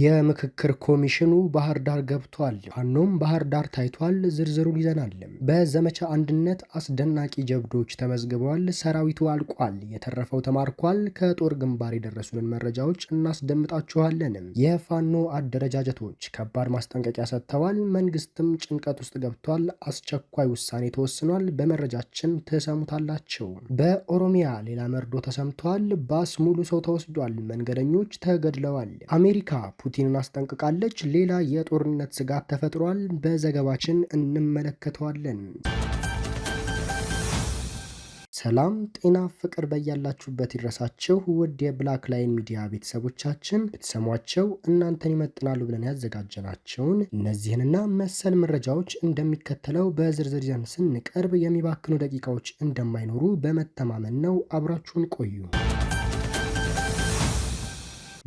የምክክር ኮሚሽኑ ባህር ዳር ገብቷል። ፋኖም ባህር ዳር ታይቷል። ዝርዝሩን ይዘናል። በዘመቻ አንድነት አስደናቂ ጀብዶች ተመዝግበዋል። ሰራዊቱ አልቋል፣ የተረፈው ተማርኳል። ከጦር ግንባር የደረሱንን መረጃዎች እናስደምጣችኋለን። የፋኖ አደረጃጀቶች ከባድ ማስጠንቀቂያ ሰጥተዋል። መንግስትም ጭንቀት ውስጥ ገብቷል። አስቸኳይ ውሳኔ ተወስኗል። በመረጃችን ትሰሙታላቸው። በኦሮሚያ ሌላ መርዶ ተሰምቷል። ባስ ሙሉ ሰው ተወስዷል። መንገደኞች ተገድለዋል። አሜሪካ ፑቲንን አስጠንቅቃለች። ሌላ የጦርነት ስጋት ተፈጥሯል። በዘገባችን እንመለከተዋለን። ሰላም ጤና ፍቅር በያላችሁበት ይድረሳችሁ። ውድ የብላክ ላይን ሚዲያ ቤተሰቦቻችን ብትሰሟቸው እናንተን ይመጥናሉ ብለን ያዘጋጀናቸውን እነዚህንና መሰል መረጃዎች እንደሚከተለው በዝርዝር ይዘን ስንቀርብ የሚባክኑ ደቂቃዎች እንደማይኖሩ በመተማመን ነው። አብራችሁን ቆዩ።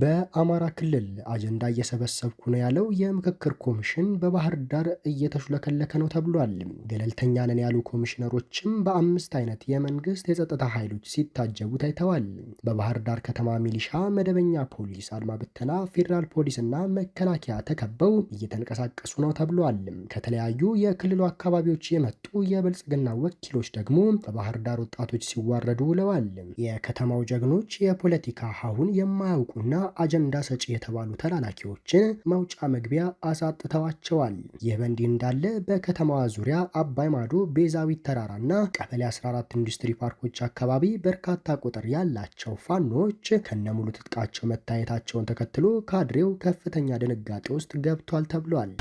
በአማራ ክልል አጀንዳ እየሰበሰብኩ ነው ያለው የምክክር ኮሚሽን በባህር ዳር እየተሹለከለከ ነው ተብሏል። ገለልተኛ ነን ያሉ ኮሚሽነሮችም በአምስት አይነት የመንግስት የጸጥታ ኃይሎች ሲታጀቡ ታይተዋል። በባህር ዳር ከተማ ሚሊሻ፣ መደበኛ ፖሊስ፣ አድማ ብተና፣ ፌዴራል ፖሊስና መከላከያ ተከበው እየተንቀሳቀሱ ነው ተብሏል። ከተለያዩ የክልሉ አካባቢዎች የመጡ የብልጽግና ወኪሎች ደግሞ በባህር ዳር ወጣቶች ሲዋረዱ ውለዋል። የከተማው ጀግኖች የፖለቲካ ሀሁን የማያውቁና አጀንዳ ሰጪ የተባሉ ተላላኪዎችን መውጫ መግቢያ አሳጥተዋቸዋል። ይህ በእንዲህ እንዳለ በከተማዋ ዙሪያ አባይ ማዶ፣ ቤዛዊት ተራራና ቀበሌ 14 ኢንዱስትሪ ፓርኮች አካባቢ በርካታ ቁጥር ያላቸው ፋኖዎች ከነሙሉ ትጥቃቸው መታየታቸውን ተከትሎ ካድሬው ከፍተኛ ድንጋጤ ውስጥ ገብቷል ተብሏል።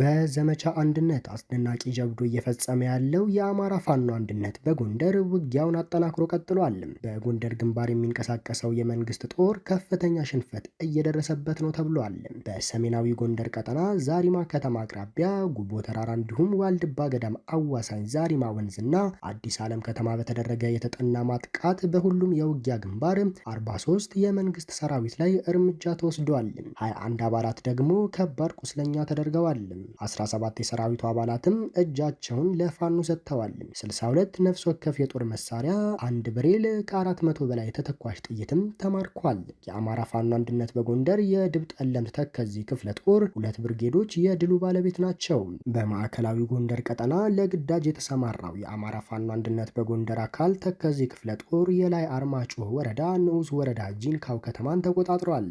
በዘመቻ አንድነት አስደናቂ ጀብዶ እየፈጸመ ያለው የአማራ ፋኖ አንድነት በጎንደር ውጊያውን አጠናክሮ ቀጥሏል። በጎንደር ግንባር የሚንቀሳቀሰው የመንግስት ጦር ከፍተኛ ሽንፈት እየደረሰበት ነው ተብሏል። በሰሜናዊ ጎንደር ቀጠና ዛሪማ ከተማ አቅራቢያ ጉቦ ተራራ እንዲሁም ዋልድባ ገዳም አዋሳኝ ዛሪማ ወንዝና አዲስ ዓለም ከተማ በተደረገ የተጠና ማጥቃት በሁሉም የውጊያ ግንባር 43 የመንግስት ሰራዊት ላይ እርምጃ ተወስዷል። 21 አባላት ደግሞ ከባድ ቁስለኛ ተደርገዋል። 17 የሰራዊቱ አባላትም እጃቸውን ለፋኖ ሰጥተዋል። 62 ነፍስ ወከፍ የጦር መሳሪያ፣ አንድ ብሬል፣ ከ400 በላይ ተተኳሽ ጥይትም ተማርኳል። የአማራ ፋኖ አንድነት በጎንደር የድብ ጠለምት ተከዚህ ክፍለ ጦር ሁለት ብርጌዶች የድሉ ባለቤት ናቸው። በማዕከላዊ ጎንደር ቀጠና ለግዳጅ የተሰማራው የአማራ ፋኖ አንድነት በጎንደር አካል ተከዚህ ክፍለ ጦር የላይ አርማጭሆ ወረዳ ንዑስ ወረዳ ጂንካው ከተማን ተቆጣጥሯል።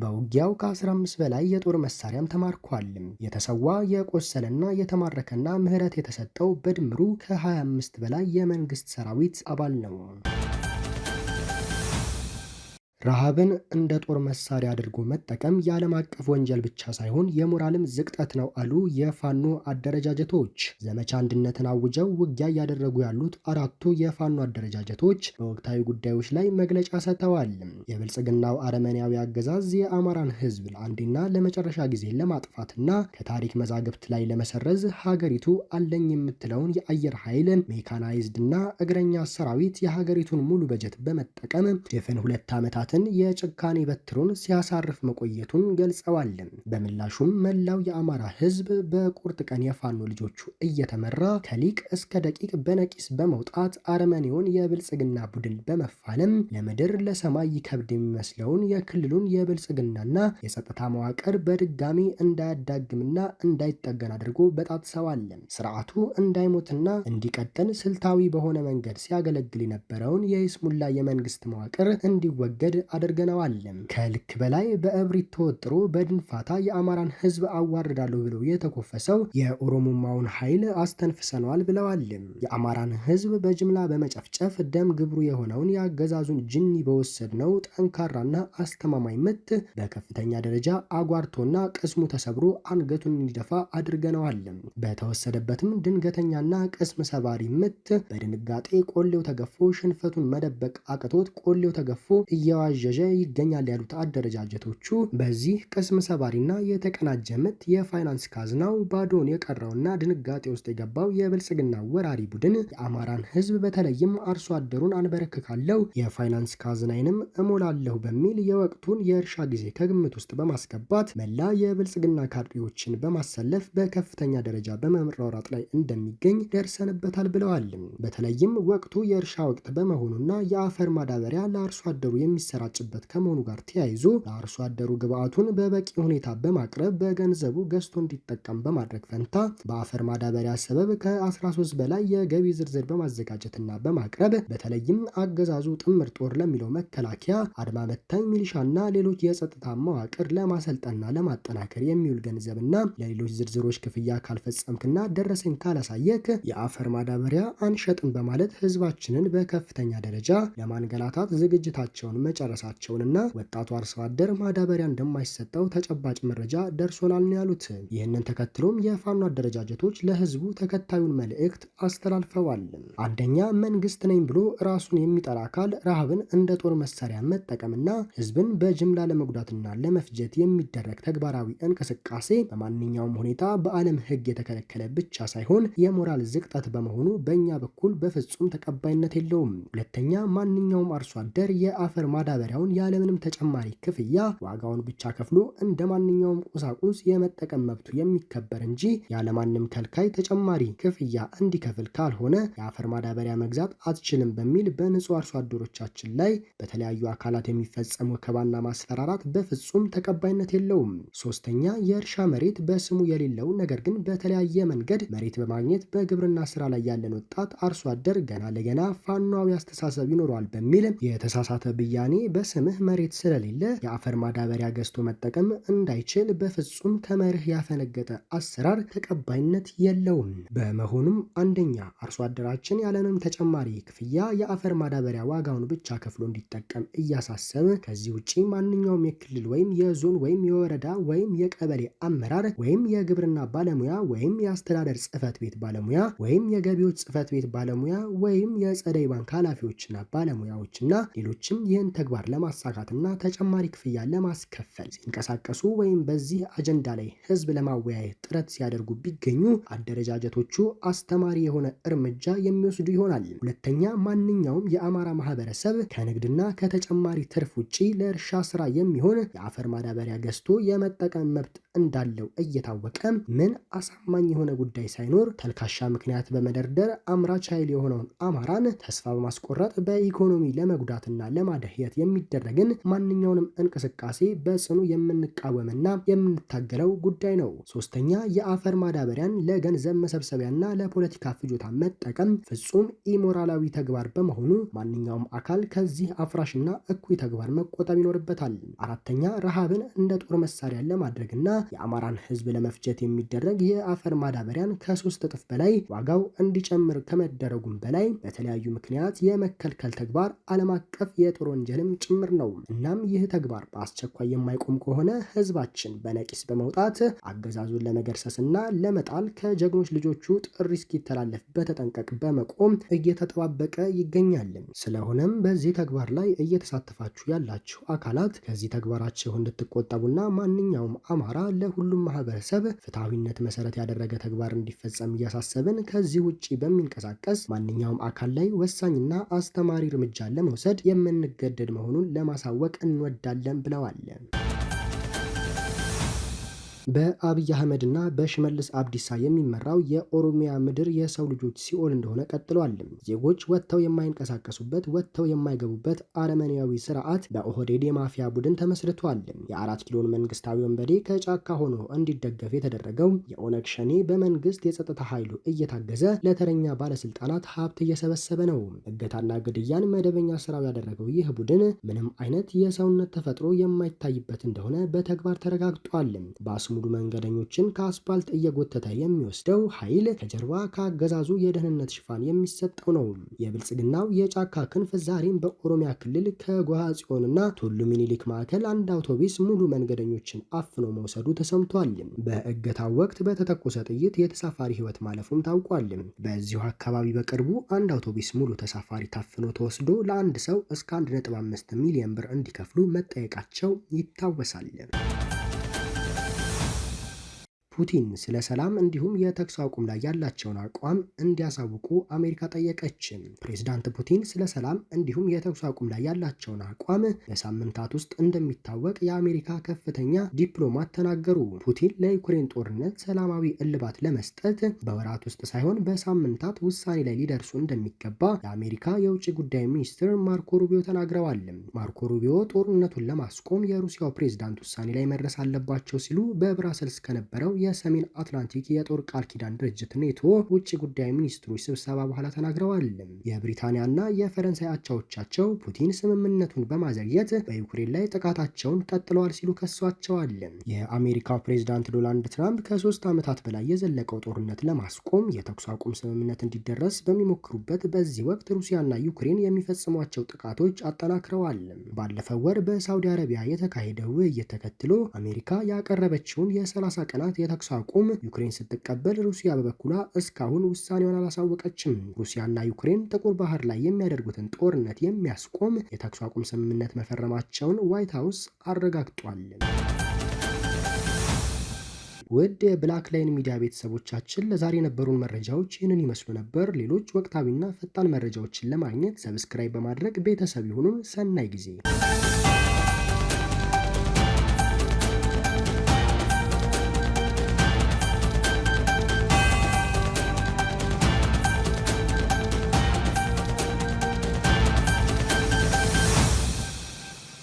በውጊያው ከ15 በላይ የጦር መሳሪያም ተማርኳል። የተሰዋ የቆሰለና የተማረከና ምህረት የተሰጠው በድምሩ ከ25 በላይ የመንግስት ሰራዊት አባል ነው። ረሃብን እንደ ጦር መሳሪያ አድርጎ መጠቀም የዓለም አቀፍ ወንጀል ብቻ ሳይሆን የሞራልም ዝቅጠት ነው አሉ የፋኖ አደረጃጀቶች። ዘመቻ አንድነትን አውጀው ውጊያ እያደረጉ ያሉት አራቱ የፋኖ አደረጃጀቶች በወቅታዊ ጉዳዮች ላይ መግለጫ ሰጥተዋል። የብልጽግናው አረመኔያዊ አገዛዝ የአማራን ህዝብ ለአንዴና ለመጨረሻ ጊዜ ለማጥፋትና ከታሪክ መዛግብት ላይ ለመሰረዝ ሀገሪቱ አለኝ የምትለውን የአየር ኃይል ሜካናይዝድና እግረኛ ሰራዊት የሀገሪቱን ሙሉ በጀት በመጠቀም ድፍን ሁለት ዓመታትን መንግስትን የጭካኔ በትሩን ሲያሳርፍ መቆየቱን ገልጸዋል። በምላሹም መላው የአማራ ህዝብ በቁርጥ ቀን የፋኖ ልጆቹ እየተመራ ከሊቅ እስከ ደቂቅ በነቂስ በመውጣት አረመኔውን የብልጽግና ቡድን በመፋለም ለምድር ለሰማይ ይከብድ የሚመስለውን የክልሉን የብልጽግናና የጸጥታ መዋቅር በድጋሚ እንዳያዳግምና እንዳይጠገን አድርጎ በጣጥሰዋል። ስርዓቱ እንዳይሞትና እንዲቀጥል ስልታዊ በሆነ መንገድ ሲያገለግል የነበረውን የይስሙላ የመንግስት መዋቅር እንዲወገድ መንገድ አድርገነዋል። ከልክ በላይ በእብሪት ተወጥሮ በድንፋታ የአማራን ህዝብ አዋርዳለሁ ብሎ የተኮፈሰው የኦሮሞማውን ኃይል አስተንፍሰነዋል ብለዋል። የአማራን ህዝብ በጅምላ በመጨፍጨፍ ደም ግብሩ የሆነውን የአገዛዙን ጅኒ በወሰድነው ጠንካራና አስተማማኝ ምት በከፍተኛ ደረጃ አጓርቶና ቅስሙ ተሰብሮ አንገቱን እንዲደፋ አድርገነዋል። በተወሰደበትም ድንገተኛና ቅስም ሰባሪ ምት በድንጋጤ ቆሌው ተገፎ ሽንፈቱን መደበቅ አቅቶት ቆሌው ተገፎ እየዋ እየተንዋዠ ይገኛል ያሉት አደረጃጀቶቹ በዚህ ቅስም ሰባሪና የተቀናጀ ምት የፋይናንስ ካዝናው ባዶን የቀረውና ድንጋጤ ውስጥ የገባው የብልጽግና ወራሪ ቡድን የአማራን ህዝብ በተለይም አርሶ አደሩን አንበረክካለሁ የፋይናንስ ካዝናይንም እሞላለሁ በሚል የወቅቱን የእርሻ ጊዜ ከግምት ውስጥ በማስገባት መላ የብልጽግና ካድሬዎችን በማሰለፍ በከፍተኛ ደረጃ በመመራራት ላይ እንደሚገኝ ደርሰንበታል ብለዋል። በተለይም ወቅቱ የእርሻ ወቅት በመሆኑና የአፈር ማዳበሪያ ለአርሶ አደሩ የሚሰ የሚሰራጭበት ከመሆኑ ጋር ተያይዞ ለአርሶ አደሩ ግብአቱን በበቂ ሁኔታ በማቅረብ በገንዘቡ ገዝቶ እንዲጠቀም በማድረግ ፈንታ በአፈር ማዳበሪያ ሰበብ ከ13 በላይ የገቢ ዝርዝር በማዘጋጀትና በማቅረብ በተለይም አገዛዙ ጥምር ጦር ለሚለው መከላከያ አድማ መታኝ ሚሊሻና ሌሎች የጸጥታ መዋቅር ለማሰልጠንና ለማጠናከር የሚውል ገንዘብና ለሌሎች ዝርዝሮች ክፍያ ካልፈጸምክና ደረሰኝ ካላሳየክ የአፈር ማዳበሪያ አንሸጥም በማለት ህዝባችንን በከፍተኛ ደረጃ ለማንገላታት ዝግጅታቸውን መጫ መጨረሳቸውንና ወጣቱ አርሶ አደር ማዳበሪያ እንደማይሰጠው ተጨባጭ መረጃ ደርሶናል ነው ያሉት። ይህንን ተከትሎም የፋኖ አደረጃጀቶች ለህዝቡ ተከታዩን መልእክት አስተላልፈዋል። አንደኛ መንግስት ነኝ ብሎ ራሱን የሚጠራ አካል ረሃብን እንደ ጦር መሳሪያ መጠቀምና ህዝብን በጅምላ ለመጉዳትና ለመፍጀት የሚደረግ ተግባራዊ እንቅስቃሴ በማንኛውም ሁኔታ በዓለም ህግ የተከለከለ ብቻ ሳይሆን የሞራል ዝቅጠት በመሆኑ በእኛ በኩል በፍጹም ተቀባይነት የለውም። ሁለተኛ ማንኛውም አርሶ አደር የአፈር ማዳ ማዳበሪያውን ያለምንም ተጨማሪ ክፍያ ዋጋውን ብቻ ከፍሎ እንደ ማንኛውም ቁሳቁስ የመጠቀም መብቱ የሚከበር እንጂ ያለማንም ከልካይ ተጨማሪ ክፍያ እንዲከፍል ካልሆነ የአፈር ማዳበሪያ መግዛት አትችልም በሚል በንጹህ አርሶ አደሮቻችን ላይ በተለያዩ አካላት የሚፈጸሙ ከባና ማስፈራራት በፍጹም ተቀባይነት የለውም። ሶስተኛ የእርሻ መሬት በስሙ የሌለው ነገር ግን በተለያየ መንገድ መሬት በማግኘት በግብርና ስራ ላይ ያለን ወጣት አርሶ አደር ገና ለገና ፋኗዊ አስተሳሰብ ይኖረዋል በሚል የተሳሳተ ብያኔ በስምህ መሬት ስለሌለ የአፈር ማዳበሪያ ገዝቶ መጠቀም እንዳይችል በፍጹም ከመርህ ያፈነገጠ አሰራር ተቀባይነት የለውም። በመሆኑም አንደኛ አርሶ አደራችን ያለምንም ተጨማሪ ክፍያ የአፈር ማዳበሪያ ዋጋውን ብቻ ከፍሎ እንዲጠቀም እያሳሰብ ከዚህ ውጭ ማንኛውም የክልል ወይም የዞን ወይም የወረዳ ወይም የቀበሌ አመራር ወይም የግብርና ባለሙያ ወይም የአስተዳደር ጽህፈት ቤት ባለሙያ ወይም የገቢዎች ጽህፈት ቤት ባለሙያ ወይም የጸደይ ባንክ ኃላፊዎችና ባለሙያዎችና ሌሎችም ይህን ተግባር ተግባር ለማሳካትና ተጨማሪ ክፍያ ለማስከፈል ሲንቀሳቀሱ ወይም በዚህ አጀንዳ ላይ ህዝብ ለማወያየት ጥረት ሲያደርጉ ቢገኙ አደረጃጀቶቹ አስተማሪ የሆነ እርምጃ የሚወስዱ ይሆናል። ሁለተኛ፣ ማንኛውም የአማራ ማህበረሰብ ከንግድና ከተጨማሪ ትርፍ ውጪ ለእርሻ ስራ የሚሆን የአፈር ማዳበሪያ ገዝቶ የመጠቀም መብት እንዳለው እየታወቀ ምን አሳማኝ የሆነ ጉዳይ ሳይኖር ተልካሻ ምክንያት በመደርደር አምራች ኃይል የሆነውን አማራን ተስፋ በማስቆረጥ በኢኮኖሚ ለመጉዳትና ለማደህየት የሚደረግን ማንኛውንም እንቅስቃሴ በጽኑ የምንቃወምና የምንታገለው ጉዳይ ነው። ሶስተኛ የአፈር ማዳበሪያን ለገንዘብ መሰብሰቢያና ለፖለቲካ ፍጆታ መጠቀም ፍጹም ኢሞራላዊ ተግባር በመሆኑ ማንኛውም አካል ከዚህ አፍራሽና እኩይ ተግባር መቆጠብ ይኖርበታል። አራተኛ ረሃብን እንደ ጦር መሳሪያ ለማድረግና የአማራን ህዝብ ለመፍጀት የሚደረግ የአፈር ማዳበሪያን ከሶስት እጥፍ በላይ ዋጋው እንዲጨምር ከመደረጉም በላይ በተለያዩ ምክንያት የመከልከል ተግባር ዓለም አቀፍ የጦር ወንጀልም ጭምር ነው። እናም ይህ ተግባር በአስቸኳይ የማይቆም ከሆነ ህዝባችን በነቂስ በመውጣት አገዛዙን ለመገርሰስና ለመጣል ከጀግኖች ልጆቹ ጥሪ እስኪተላለፍ በተጠንቀቅ በመቆም እየተጠባበቀ ይገኛል። ስለሆነም በዚህ ተግባር ላይ እየተሳተፋችሁ ያላችሁ አካላት ከዚህ ተግባራችሁ እንድትቆጠቡና ማንኛውም አማራ ለሁሉም ማህበረሰብ ፍትሐዊነት መሰረት ያደረገ ተግባር እንዲፈጸም እያሳሰብን ከዚህ ውጭ በሚንቀሳቀስ ማንኛውም አካል ላይ ወሳኝና አስተማሪ እርምጃ ለመውሰድ የምንገደድ መሆኑን ለማሳወቅ እንወዳለን ብለዋል። በአብይ አህመድና በሽመልስ አብዲሳ የሚመራው የኦሮሚያ ምድር የሰው ልጆች ሲኦል እንደሆነ ቀጥሏል። ዜጎች ወጥተው የማይንቀሳቀሱበት ወጥተው የማይገቡበት አረመኔያዊ ስርዓት በኦህዴድ የማፊያ ቡድን ተመስርቷል። የአራት ኪሎን መንግስታዊ ወንበዴ ከጫካ ሆኖ እንዲደገፍ የተደረገው የኦነግ ሸኔ በመንግስት የጸጥታ ኃይሉ እየታገዘ ለተረኛ ባለስልጣናት ሀብት እየሰበሰበ ነው። እገታና ግድያን መደበኛ ስራው ያደረገው ይህ ቡድን ምንም አይነት የሰውነት ተፈጥሮ የማይታይበት እንደሆነ በተግባር ተረጋግጧል። በአስሙ ሙሉ መንገደኞችን ከአስፓልት እየጎተተ የሚወስደው ኃይል ከጀርባ ከአገዛዙ የደህንነት ሽፋን የሚሰጠው ነው። የብልጽግናው የጫካ ክንፍ ዛሬም በኦሮሚያ ክልል ከጓሃ ጽዮንና ቱሉ ሚኒሊክ ማዕከል አንድ አውቶቡስ ሙሉ መንገደኞችን አፍኖ መውሰዱ ተሰምቷል። በእገታው ወቅት በተተኮሰ ጥይት የተሳፋሪ ህይወት ማለፉም ታውቋል። በዚሁ አካባቢ በቅርቡ አንድ አውቶቡስ ሙሉ ተሳፋሪ ታፍኖ ተወስዶ ለአንድ ሰው እስከ 1.5 ሚሊዮን ብር እንዲከፍሉ መጠየቃቸው ይታወሳል። ፑቲን ስለ ሰላም እንዲሁም የተኩስ አቁም ላይ ያላቸውን አቋም እንዲያሳውቁ አሜሪካ ጠየቀች። ፕሬዚዳንት ፑቲን ስለ ሰላም እንዲሁም የተኩስ አቁም ላይ ያላቸውን አቋም በሳምንታት ውስጥ እንደሚታወቅ የአሜሪካ ከፍተኛ ዲፕሎማት ተናገሩ። ፑቲን ለዩክሬን ጦርነት ሰላማዊ እልባት ለመስጠት በወራት ውስጥ ሳይሆን በሳምንታት ውሳኔ ላይ ሊደርሱ እንደሚገባ የአሜሪካ የውጭ ጉዳይ ሚኒስትር ማርኮ ሩቢዮ ተናግረዋል። ማርኮ ሩቢዮ ጦርነቱን ለማስቆም የሩሲያው ፕሬዚዳንት ውሳኔ ላይ መድረስ አለባቸው ሲሉ በብራሰልስ ከነበረው የሰሜን አትላንቲክ የጦር ቃል ኪዳን ድርጅት ኔቶ ውጭ ጉዳይ ሚኒስትሮች ስብሰባ በኋላ ተናግረዋል። የብሪታንያና የፈረንሳይ አቻዎቻቸው ፑቲን ስምምነቱን በማዘግየት በዩክሬን ላይ ጥቃታቸውን ቀጥለዋል ሲሉ ከሷቸዋል። የአሜሪካው ፕሬዚዳንት ዶናልድ ትራምፕ ከሶስት ዓመታት በላይ የዘለቀው ጦርነት ለማስቆም የተኩስ አቁም ስምምነት እንዲደረስ በሚሞክሩበት በዚህ ወቅት ሩሲያና ዩክሬን የሚፈጽሟቸው ጥቃቶች አጠናክረዋል። ባለፈው ወር በሳውዲ አረቢያ የተካሄደው ውይይት ተከትሎ አሜሪካ ያቀረበችውን የ30 ቀናት የተ የተኩስ አቁም ዩክሬን ስትቀበል፣ ሩሲያ በበኩሏ እስካሁን ውሳኔዋን አላሳወቀችም። ሩሲያና ዩክሬን ጥቁር ባህር ላይ የሚያደርጉትን ጦርነት የሚያስቆም የተኩስ አቁም ስምምነት መፈረማቸውን ዋይት ሀውስ አረጋግጧል። ውድ የብላክ ላይን ሚዲያ ቤተሰቦቻችን ለዛሬ የነበሩን መረጃዎች ይህንን ይመስሉ ነበር። ሌሎች ወቅታዊና ፈጣን መረጃዎችን ለማግኘት ሰብስክራይብ በማድረግ ቤተሰብ ይሁኑን። ሰናይ ጊዜ